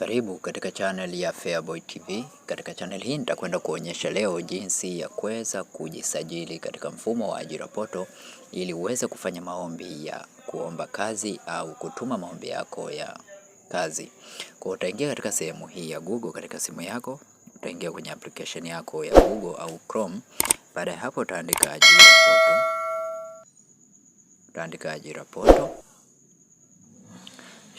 Karibu katika channel ya Feaboy TV. Katika channel hii nitakwenda kuonyesha leo jinsi ya kuweza kujisajili katika mfumo wa ajira poto ili uweze kufanya maombi ya kuomba kazi au kutuma maombi yako ya kazi. Kwa utaingia katika sehemu hii ya Google katika simu yako, utaingia kwenye application yako ya Google au Chrome. Baada ya hapo utaandika ajira poto, utaandika ajira poto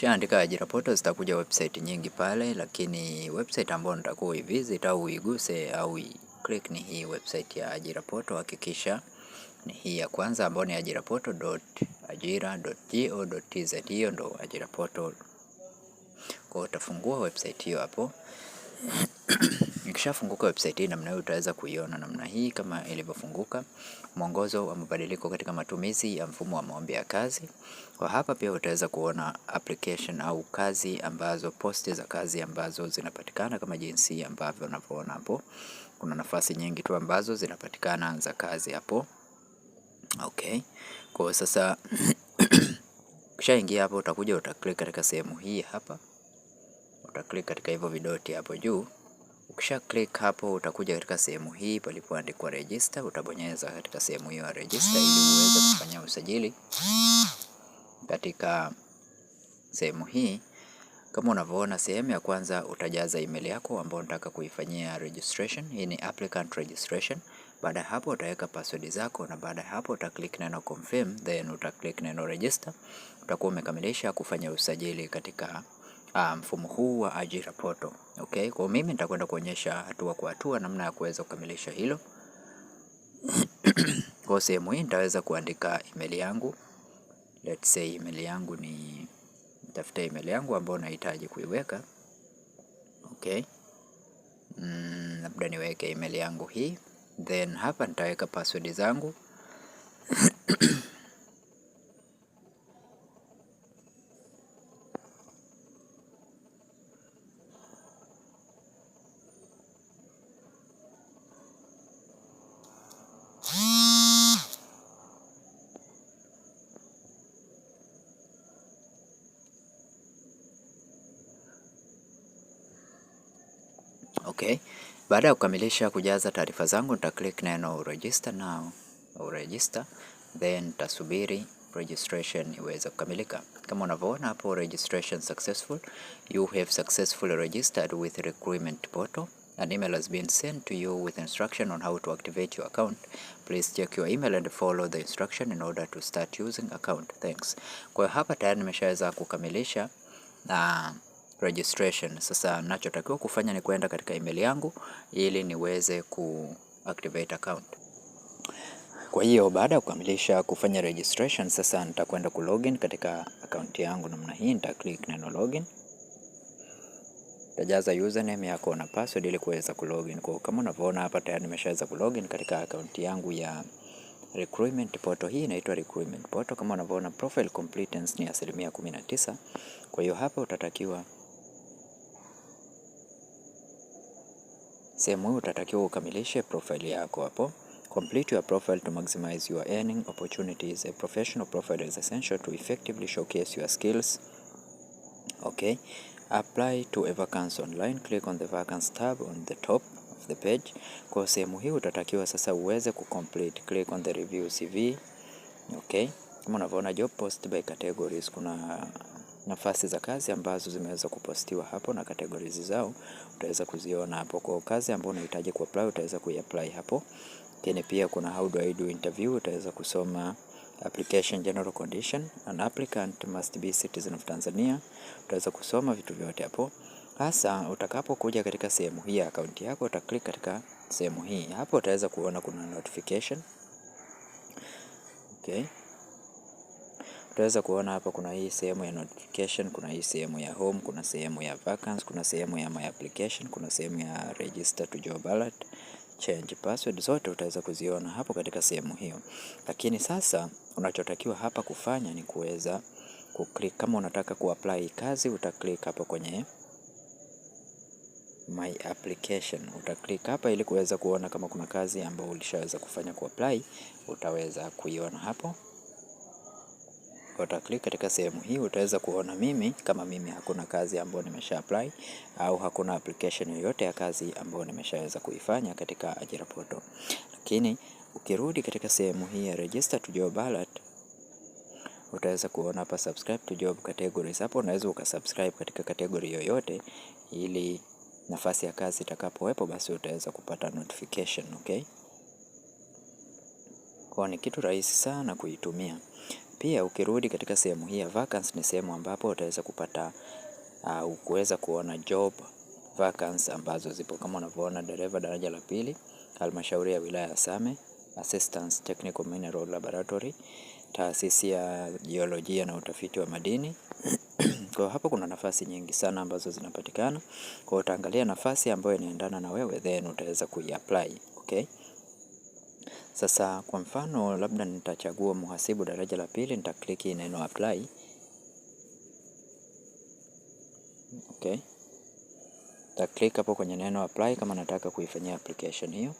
Shaandika ajira portal, zitakuja website nyingi pale, lakini website ambayo nitakuwa uivisit au uiguse au click ni hii website ya ajira portal. Hakikisha ni hii ya kwanza ambayo ni ajira portal.ajira.go.tz. Hiyo ndo ajira portal, kwa utafungua website hiyo hapo Ikishafunguka website hii namna hii utaweza kuiona namna hii kama ilivyofunguka, mwongozo wa mabadiliko katika matumizi ya mfumo wa maombi ya kazi. Kwa hapa pia utaweza kuona application au kazi ambazo, posti za kazi ambazo zinapatikana kama jinsi ambavyo unavyoona hapo. Kuna nafasi nyingi tu ambazo zinapatikana za kazi hapo. Okay, kwa sasa ukishaingia hapo utakuja utaklik katika sehemu hii hapa, utaklik katika hivyo vidoti hapo juu Ukisha click hapo, utakuja katika sehemu hii palipoandikwa register, utabonyeza katika sehemu hiyo ya register ili uweze kufanya usajili katika sehemu hii. Kama unavyoona, sehemu ya kwanza utajaza email yako ambayo unataka kuifanyia registration. Hii ni applicant registration. Baada ya hapo utaweka password zako, na baada ya hapo uta click neno confirm, then uta click neno register. Utakuwa umekamilisha kufanya usajili katika uh, mfumo huu wa ajira poto. Okay, kwa mimi nitakwenda kuonyesha hatua kwa hatua namna ya kuweza kukamilisha hilo. Kwa sehemu hii nitaweza kuandika email yangu. Let's say email yangu ni nitafuta email yangu ambayo nahitaji kuiweka. Okay. Mm, labda niweke email yangu hii, then hapa nitaweka password zangu Okay. Baada ya kukamilisha kujaza taarifa zangu nita click neno register now. au Register then tasubiri registration iweze kukamilika. Kama unavyoona hapo registration successful. You have successfully registered with recruitment portal. An email has been sent to you with instruction on how to activate your account. Please check your email and follow the instruction in order to start using account. Thanks. Kwa hapa tayari nimeshaweza kukamilisha na registration. Sasa nachotakiwa kufanya ni kuenda katika email yangu ili niweze ku activate account. Kwa hiyo baada ya kukamilisha kufanya registration, sasa nitakwenda ku login katika account yangu namna hii. Nita click neno login, tajaza username yako na password ili kuweza ku login. Kwa kama unavyoona hapa tayari nimeshaweza ku login katika account yangu ya recruitment portal. Hii inaitwa recruitment portal. Kama unavyoona profile completeness ni asilimia kumi na tisa. Kwa hiyo hapa utatakiwa Sehemu hii utatakiwa ukamilishe profile yako hapo. Complete your profile to maximize your earning opportunities. A professional profile is essential to effectively showcase your skills. Okay. Apply to a vacancy online. Click on the vacancy tab on the top of the page. Kwa sehemu hii utatakiwa sasa uweze kucomplete. Click on the review CV. Okay. Kama unavyoona job post by categories kuna nafasi za kazi ambazo zimeweza kupostiwa hapo na categories zao utaweza kuziona hapo. Kwa kazi ambayo unahitaji apply utaweza apply hapo, lakini pia kuna how do I do interview utaweza kusoma application general condition, an applicant must be citizen of Tanzania. Utaweza kusoma vitu vyote hapo. Sasa utakapokuja katika sehemu hii ya akaunti yako, utaklik katika sehemu hii hapo, utaweza kuona kuna notification okay. Utaweza kuona hapa kuna hii sehemu ya notification, kuna hii sehemu ya home, kuna sehemu ya vacancy, kuna sehemu ya my application, kuna sehemu ya register to job alert, change password, zote utaweza kuziona hapo katika sehemu hiyo. Lakini sasa unachotakiwa hapa kufanya ni kuweza kuclick, kama unataka kuapply kazi utaclick hapo kwenye my application utaclick hapa ili kuweza kuona kama kuna kazi ambayo ulishaweza kufanya kuapply, utaweza kuiona hapo. Utaklik katika sehemu hii, utaweza kuona mimi kama mimi hakuna kazi ambayo nimesha apply au hakuna application yoyote ya kazi ambayo nimeshaweza kuifanya katika ajira portal. Lakini ukirudi katika sehemu hii ya register to job alert utaweza kuona hapa subscribe to job categories. Hapo unaweza ukasubscribe katika category yoyote, ili nafasi ya kazi itakapowepo basi utaweza kupata notification. Okay, kwa ni kitu rahisi sana kuitumia. Pia ukirudi katika sehemu hii ya vacants ni sehemu ambapo utaweza kupata uh, kuweza kuona job vacants ambazo zipo kama unavyoona, dereva daraja la pili, halmashauri ya wilaya ya Same, Assistance Technical Mineral Laboratory, taasisi ya jiolojia na utafiti wa madini Kwa hapo kuna nafasi nyingi sana ambazo zinapatikana, kwa utaangalia nafasi ambayo inaendana na wewe then utaweza kuiapply, okay? Sasa kwa mfano labda nitachagua muhasibu daraja la pili, nitakliki neno apply. Okay. Nitaklik hapo kwenye neno apply kama nataka kuifanyia application hiyo.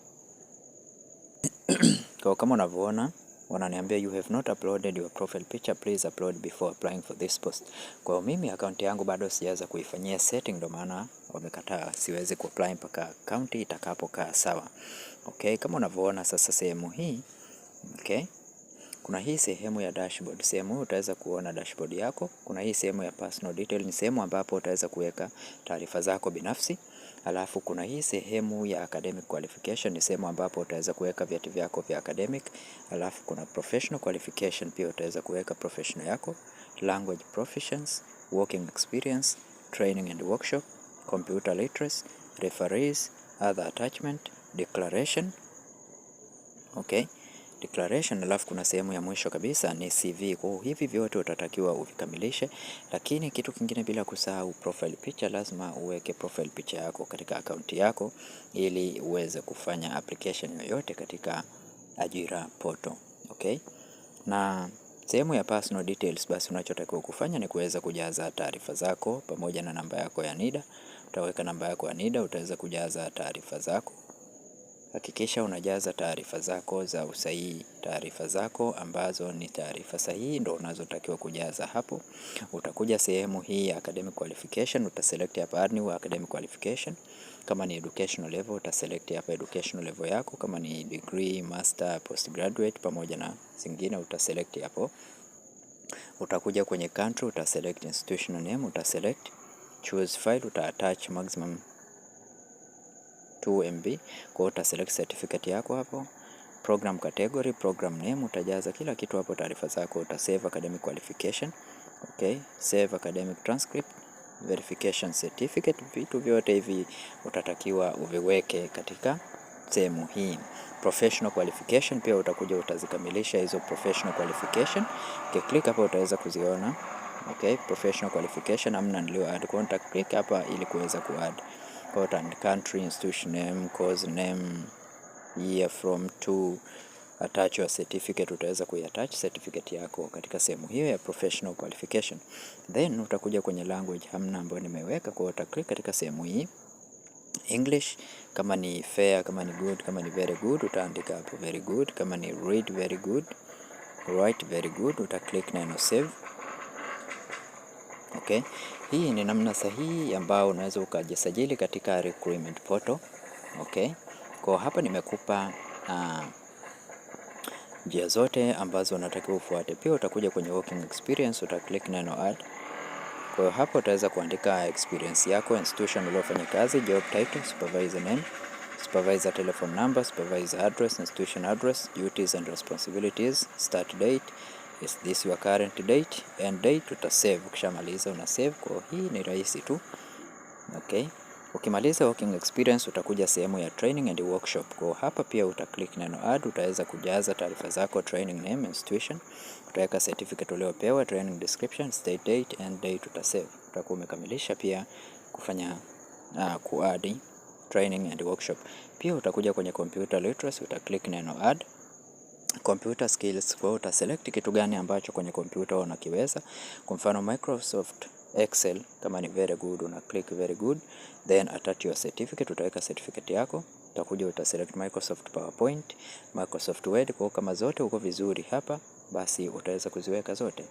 Kwa kama unavyoona wananiambia you have not uploaded your profile picture, please upload before applying for this post. Kwa hiyo mimi akaunti yangu bado sijaanza kuifanyia setting, ndio maana wamekataa, siwezi kuapply mpaka akaunti itakapokaa sawa. Okay, kama unavyoona sasa sehemu hii okay. Kuna hii sehemu ya dashboard. Sehemu hii utaweza kuona dashboard yako. Kuna hii sehemu ya personal detail, ni sehemu ambapo utaweza kuweka taarifa zako binafsi. Alafu kuna hii sehemu ya academic qualification, ni sehemu ambapo utaweza kuweka vyeti vyako vya academic. Alafu kuna professional qualification, pia utaweza kuweka professional yako, language proficiency, working experience, training and workshop, computer literacy, referees, other attachment, declaration. Okay declaration, alafu kuna sehemu ya mwisho kabisa ni CV. Kwa hivi vyote utatakiwa uvikamilishe, lakini kitu kingine bila kusahau profile picture. Lazima uweke profile picture yako katika akaunti yako ili uweze kufanya application yoyote katika ajira poto. Okay, na sehemu ya personal details, basi unachotakiwa kufanya ni kuweza kujaza taarifa zako pamoja na namba yako ya NIDA. Utaweka namba yako ya NIDA, utaweza kujaza taarifa zako Hakikisha unajaza taarifa zako za usahihi. Taarifa zako ambazo ni taarifa sahihi ndo unazotakiwa kujaza hapo. Utakuja sehemu hii ya academic qualification, utaselect hapa earning academic qualification. Kama ni educational level, utaselect hapa educational level yako. Kama ni degree, master, postgraduate pamoja na zingine utaselect hapo. Utakuja kwenye country, utaselect institutional name, utaselect choose file, utaattach maximum 2 MB. Kwa hiyo uta select certificate yako hapo, program category, program name, utajaza kila kitu hapo, taarifa zako, uta save academic qualification. Okay, save academic transcript, verification certificate, vitu vyote hivi utatakiwa uviweke katika sehemu hii. Professional qualification pia utakuja utazikamilisha hizo professional qualification. Ukiklik hapa utaweza kuziona. Okay, professional qualification amna nilio add, kwa nita click hapa ili kuweza ku add passport and country, institution name, course name, year from to attach your certificate. Utaweza kuiattach certificate yako katika sehemu hiyo ya professional qualification, then utakuja kwenye language hamna ambayo nimeweka kwa, uta katika sehemu hii English. Kama ni fair, kama ni good, kama ni very good, utaandika hapo very good. Kama ni read very good, write very good, utaklik click neno save. Okay. Hii ni namna sahihi ambayo unaweza ukajisajili katika recruitment portal. Okay. Kwa hapa nimekupa uh, njia zote ambazo unatakiwa ufuate. Pia utakuja kwenye working experience, uta neno add. Kwa hiyo hapo utaweza kuandika experience yako, institution uliofanya kazi, job title, supervisor name, supervisor telephone number, supervisor address, institution address, duties and responsibilities, start date is this your current date and date, utasave. Ukishamaliza una save. Kwa hii ni rahisi tu okay. Ukimaliza working experience, utakuja sehemu ya training and workshop. Kwa hapa pia uta click neno add, utaweza kujaza taarifa zako, training name, institution, utaweka certificate uliopewa, training description, state date, and date, save. Utakuwa umekamilisha pia kufanya uh, ah, kuadi training and workshop. Pia utakuja kwenye computer literacy, uta click neno add computer skills. Kwa hiyo utaselect kitu gani ambacho kwenye kompyuta unakiweza. Kwa mfano Microsoft Excel kama ni very good, una click very good, then attach your certificate. Utaweka certificate yako, utakuja uta select Microsoft PowerPoint, Microsoft Word. Kwa kama zote uko vizuri hapa, basi utaweza kuziweka zote.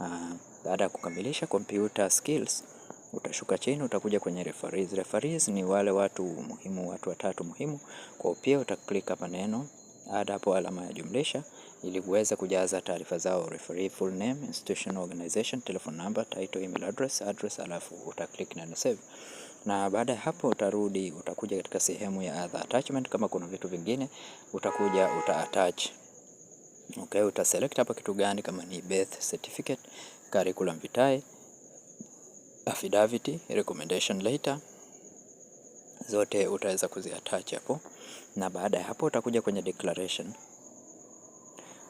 Ah, baada ya kukamilisha computer skills utashuka chini, utakuja kwenye referees. Referees ni wale watu muhimu, watu watatu muhimu. Kwa hiyo pia utaklik hapa neno add hapo alama ya jumlisha ili kuweza kujaza taarifa zao referee, full name, institution, organization, telephone number, title, email address, address, alafu uta click na save. Na baada ya hapo utarudi, utakuja katika sehemu ya other attachment. Kama kuna vitu vingine utakuja uta attach. Okay, uta select hapa kitu gani, kama ni birth certificate, curriculum vitae, affidavit, recommendation letter zote utaweza kuziattach hapo, na baada ya hapo utakuja kwenye declaration.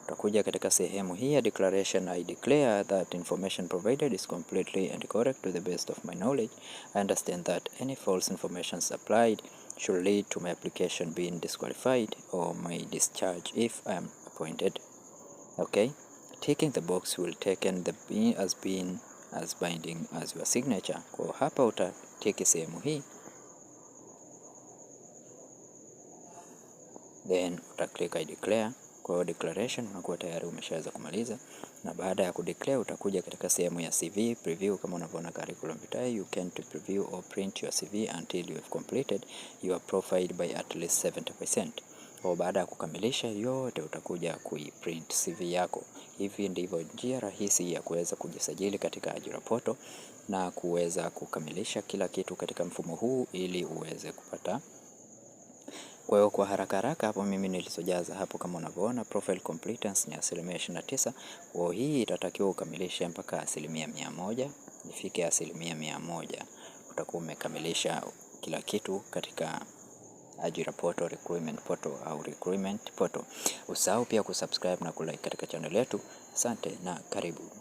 Utakuja katika sehemu hii ya declaration, I declare that information provided is completely and correct to the best of my knowledge. I understand that any false information supplied should lead to my application being disqualified or my discharge if I am appointed. Okay, ticking the box will taken the as being as binding as your signature. Kwa hapa utatiki sehemu hii then uta click I declare. Kwa hiyo declaration unakuwa tayari umeshaweza kumaliza, na baada ya kudeclare utakuja katika sehemu ya CV preview. Kama unavyoona curriculum vitae, you can to preview or print your CV until you have completed your profile by at least 70%. Kwa baada ya kukamilisha yote utakuja kuiprint CV yako. Hivi ndivyo njia rahisi ya kuweza kujisajili katika ajira poto na kuweza kukamilisha kila kitu katika mfumo huu ili uweze kupata kwa hiyo kwa haraka haraka hapo mimi nilizojaza hapo kama unavyoona profile completeness ni asilimia ishirini na tisa. Kwa hiyo hii itatakiwa ukamilishe mpaka asilimia mia moja, ifike asilimia mia moja utakuwa umekamilisha kila kitu katika ajira portal, recruitment portal au recruitment portal. Usahau pia kusubscribe na kulike katika channel yetu. Asante na karibu.